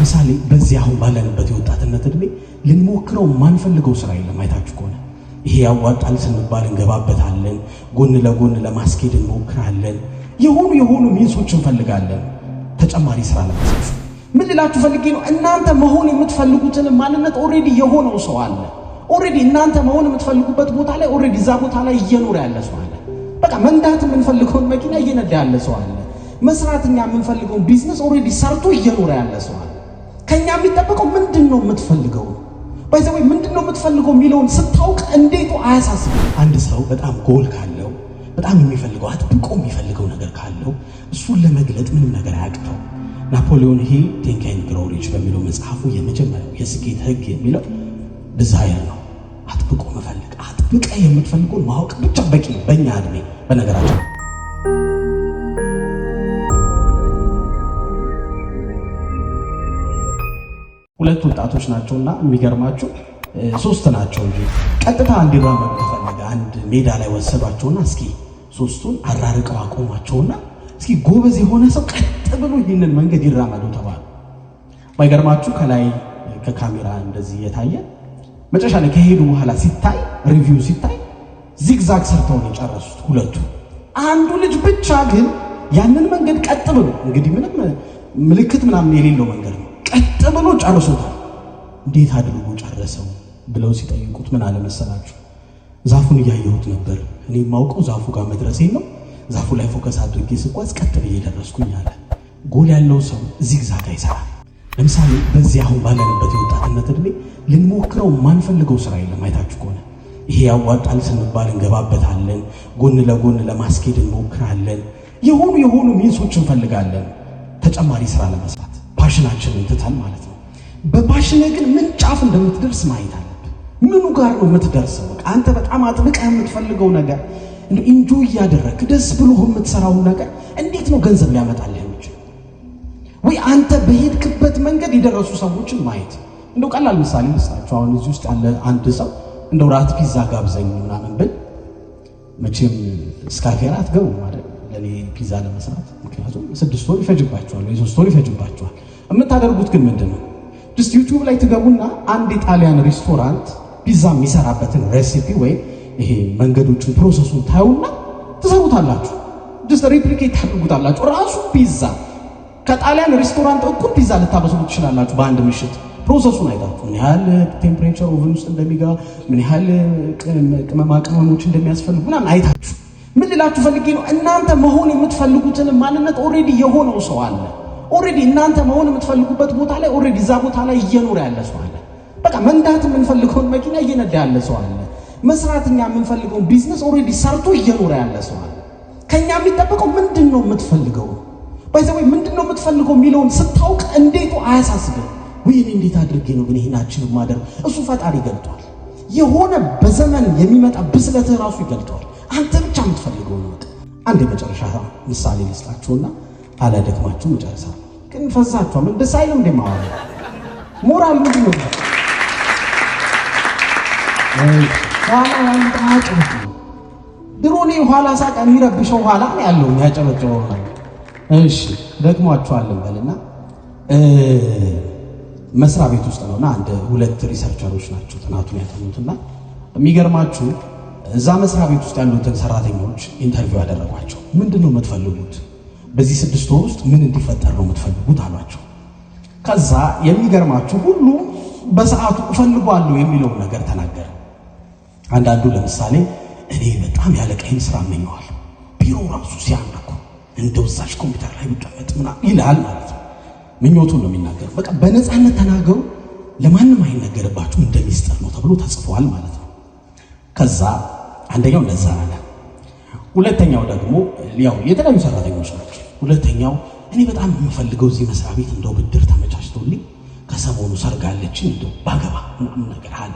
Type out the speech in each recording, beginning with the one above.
ለምሳሌ በዚህ አሁን ባለንበት የወጣትነት እድሜ ልንሞክረው የማንፈልገው ስራ የለም። አይታችሁ ከሆነ ይሄ ያዋጣል ስንባል እንገባበታለን። ጎን ለጎን ለማስኬድ እንሞክራለን። የሆኑ የሆኑ ሚንሶች እንፈልጋለን። ተጨማሪ ስራ ለመስራት ምን ልላችሁ ፈልጌ ነው፣ እናንተ መሆን የምትፈልጉትን ማንነት ኦሬዲ የሆነው ሰው አለ። ኦሬዲ እናንተ መሆን የምትፈልጉበት ቦታ ላይ ኦሬዲ እዛ ቦታ ላይ እየኖረ ያለ ሰው አለ። በቃ መንዳት የምንፈልገውን መኪና እየነዳ ያለ ሰው አለ። መስራት እኛ የምንፈልገውን ቢዝነስ ኦሬዲ ሰርቶ እየኖረ ያለ ሰው አለ። ከኛ የሚጠበቀው ምንድን ነው የምትፈልገው ባይዘ ወይ ምንድን ነው የምትፈልገው የሚለውን ስታውቅ እንዴቱ አያሳስብም። አንድ ሰው በጣም ጎል ካለው በጣም የሚፈልገው አጥብቆ የሚፈልገው ነገር ካለው እሱን ለመግለጥ ምንም ነገር አያቅተው። ናፖሊዮን ሂል ቲንክ ኤንድ ግሮው ሪች በሚለው መጽሐፉ የመጀመሪያው የስኬት ህግ የሚለው ዲዛየር ነው። አጥብቆ መፈልግ፣ አጥብቀ የምትፈልገውን ማወቅ ብቻ በቂ በእኛ እድሜ በነገራቸው ሁለት ወጣቶች ናቸው እና የሚገርማችሁ ሶስት ናቸው እንጂ ቀጥታ እንዲራመዱ ተፈለገ። አንድ ሜዳ ላይ ወሰዷቸውና እስኪ ሶስቱን አራርቀው አቆሟቸውና እስኪ ጎበዝ የሆነ ሰው ቀጥ ብሎ ይህንን መንገድ ይራመዱ ተባሉ። ባይገርማችሁ ከላይ ከካሜራ እንደዚህ እየታየ መጨረሻ ላይ ከሄዱ በኋላ ሲታይ ሪቪው ሲታይ ዚግዛግ ሰርተውን የጨረሱት ሁለቱ። አንዱ ልጅ ብቻ ግን ያንን መንገድ ቀጥ ብሎ እንግዲህ ምንም ምልክት ምናምን የሌለው መንገድ ነው ቀጥ ብሎ ጨርሶታል። እንዴት አድርጎ ጨረሰው ብለው ሲጠይቁት ምን አለመሰላችሁ? ዛፉን እያየሁት ነበር። እኔ የማውቀው ዛፉ ጋር መድረሴን ነው። ዛፉ ላይ ፎከስ አድርጌ ስጓዝ ቀጥ ብዬ ደረስኩኝ አለ። ጎል ያለው ሰው ዚግዛግ አይሰራም። ለምሳሌ በዚህ አሁን ባለንበት የወጣትነት እድሜ ልንሞክረው የማንፈልገው ስራ የለም። አይታችሁ ከሆነ ይሄ ያዋጣል ስንባል እንገባበታለን። ጎን ለጎን ለማስኬድ እንሞክራለን። የሆኑ የሆኑ ሚንሶች እንፈልጋለን ተጨማሪ ስራ ለመስራት ፓሽናችንን ትተን ማለት ነው። በፓሽን ግን ምን ጫፍ እንደምትደርስ ማየት አለብን። ምኑ ጋር ነው የምትደርሰው? አንተ በጣም አጥብቀህ የምትፈልገው ነገር እንጆ እያደረግህ ደስ ብሎህ የምትሰራውን ነገር እንዴት ነው ገንዘብ ሊያመጣልህ የሚችል? ወይ አንተ በሄድክበት መንገድ የደረሱ ሰዎችን ማየት። እንደው ቀላል ምሳሌ ልስጣችሁ። አሁን እዚህ ውስጥ ያለ አንድ ሰው እንደው ራት ፒዛ ጋብዘኝ ምናምን ብል መቼም እስካፌራት ገቡ ማለት ለእኔ ፒዛ ለመስራት ምክንያቱም ስድስት ወር ይፈጅባቸዋል፣ ወይ ሶስት ወር ይፈጅባቸዋል የምታደርጉት ግን ምንድን ነው? ስ ዩቲዩብ ላይ ትገቡና አንድ የጣሊያን ሬስቶራንት ፒዛ የሚሰራበትን ሬሲፒ ወይም ይሄ መንገዶችን ፕሮሰሱን ታዩና ትሰሩታላችሁ። ስ ሪፕሊኬት ታደርጉታላችሁ። ራሱ ፒዛ ከጣሊያን ሬስቶራንት እኩል ፒዛ ልታበስሉ ትችላላችሁ በአንድ ምሽት። ፕሮሰሱን አይታችሁ ምን ያህል ቴምፕሬቸር ኦቨን ውስጥ እንደሚገባ ምን ያህል ቅመማ ቅመሞች እንደሚያስፈልጉ ምናምን አይታችሁ ምን ልላችሁ ፈልጌ ነው፣ እናንተ መሆን የምትፈልጉትን ማንነት ኦልሬዲ የሆነው ሰው አለ ኦልሬዲ እናንተ መሆን የምትፈልጉበት ቦታ ላይ ኦልሬዲ እዛ ቦታ ላይ እየኖረ ያለ ሰው አለ። በቃ መንዳት የምንፈልገውን መኪና እየነዳ ያለ ሰው አለ። መስራት እኛ የምንፈልገውን ቢዝነስ ኦልሬዲ ሰርቶ እየኖረ ያለ ሰው አለ። ከኛ የሚጠበቀው ምንድን ነው የምትፈልገው? ባይዘወይ ምንድን ነው የምትፈልገው የሚለውን ስታውቅ እንዴቱ አያሳስብም። ወይኔ እንዴት አድርጌ ነው ግን ይህናችን ማደር እሱ ፈጣሪ ይገልጧል። የሆነ በዘመን የሚመጣ ብስለትህ ራሱ ይገልጠዋል። አንተ ብቻ የምትፈልገው ነው። አንድ የመጨረሻ ምሳሌ ልስጣችሁና ካላደክማችሁ ጨርሳል። ግን ፈዛችኋል። ደስ አይልም እንዴ? ማዋል ሞራል ምንድን ነው? ድሮኔ ያንጣጭ ኋላ ሳቀ የሚረብሸው ኋላ ነው ያለው የሚያጨበጭበ እሺ ደግሟችኋል በልና መስሪያ ቤት ውስጥ ነውና አንድ ሁለት ሪሰርቸሮች ናቸው ጥናቱን ያጠኑትና የሚገርማችሁ እዛ መስሪያ ቤት ውስጥ ያሉትን ሰራተኞች ኢንተርቪው ያደረጓቸው ምንድን ነው የምትፈልጉት በዚህ ስድስት ወር ውስጥ ምን እንዲፈጠር ነው የምትፈልጉት አሏቸው። ከዛ የሚገርማችሁ ሁሉ በሰዓቱ እፈልጓለሁ የሚለውን ነገር ተናገረ። አንዳንዱ ለምሳሌ እኔ በጣም ያለቃይን ስራ እመኘዋለሁ፣ ቢሮ ራሱ ሲያምርኩ እንደው እዛች ኮምፒውተር ላይ ብቀመጥ ምናምን ይላል ማለት ነው። ምኞቱን ነው የሚናገሩ። በቃ በነፃነት ተናገሩ፣ ለማንም አይነገርባችሁ፣ እንደ ሚስጥር ነው ተብሎ ተጽፏል ማለት ነው። ከዛ አንደኛው እንደዛ አለ። ሁለተኛው ደግሞ ያው የተለያዩ ሰራተኞች ናቸው ሁለተኛው እኔ በጣም የምፈልገው እዚህ መስሪያ ቤት እንደው ብድር ተመቻችቶልኝ ከሰሞኑ ሰርጋለችን እንደው ባገባ ምናምን ነገር አለ።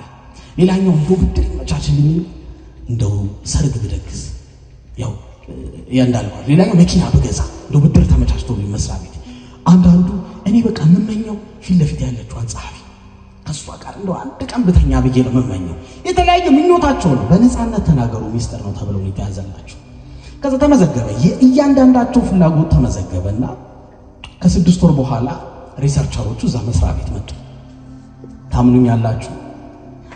ሌላኛው እንደው ብድር ይመቻችልኝ እንደው ሰርግ ብደግስ ያው ያንዳልኳል። ሌላኛው መኪና ብገዛ እንደው ብድር ተመቻችቶልኝ መስሪያ ቤት። አንዳንዱ እኔ በቃ የምመኘው ፊት ለፊት ያለችዋን ጸሐፊ ከእሷ ጋር እንደው አንድ ቀን ብተኛ ብዬ ነው የምመኘው። የተለያየ ምኞታቸው ነው። በነፃነት ተናገሩ፣ ሚስጥር ነው ተብለው ይታያዘላቸው። ከዛ ተመዘገበ። የእያንዳንዳቸው ፍላጎት ተመዘገበና ከስድስት ወር በኋላ ሪሰርቸሮቹ እዛ መስሪያ ቤት መጡ። ታምኑኝ ያላችሁ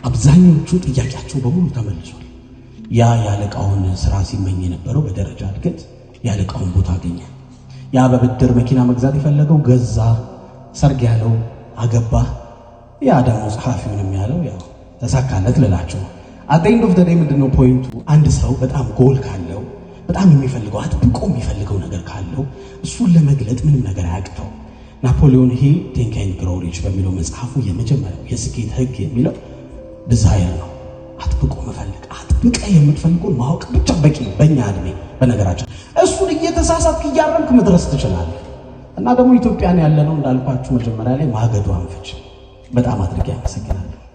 አብዛኞቹ ጥያቄያቸው በሙሉ ተመልሷል። ያ ያለቃውን ስራ ሲመኝ የነበረው በደረጃ እድገት ያለቃውን ቦታ አገኘ። ያ በብድር መኪና መግዛት የፈለገው ገዛ። ሰርግ ያለው አገባ። ያ ደግሞ ጸሐፊውንም ያለው ያው ተሳካለት ልላቸው አጠኝ ዶፍ ምንድነው ፖይንቱ? አንድ ሰው በጣም ጎል ካለው በጣም የሚፈልገው አጥብቆ የሚፈልገው ነገር ካለው እሱን ለመግለጥ ምንም ነገር አያቅተው። ናፖሊዮን ሂል ቲንክ ኤንድ ግሮው ሪች በሚለው መጽሐፉ የመጀመሪያው የስኬት ህግ የሚለው ዲዛየር ነው። አጥብቆ መፈልግ፣ አጥብቀ የምትፈልገውን ማወቅ ብቻ በቂ ነው። በእኛ እድሜ በነገራችን እሱን እየተሳሳትክ እያረምክ መድረስ ትችላለህ። እና ደግሞ ኢትዮጵያን ያለነው እንዳልኳችሁ መጀመሪያ ላይ ማገዱ አንፈች በጣም አድርጌ አመሰግናለሁ።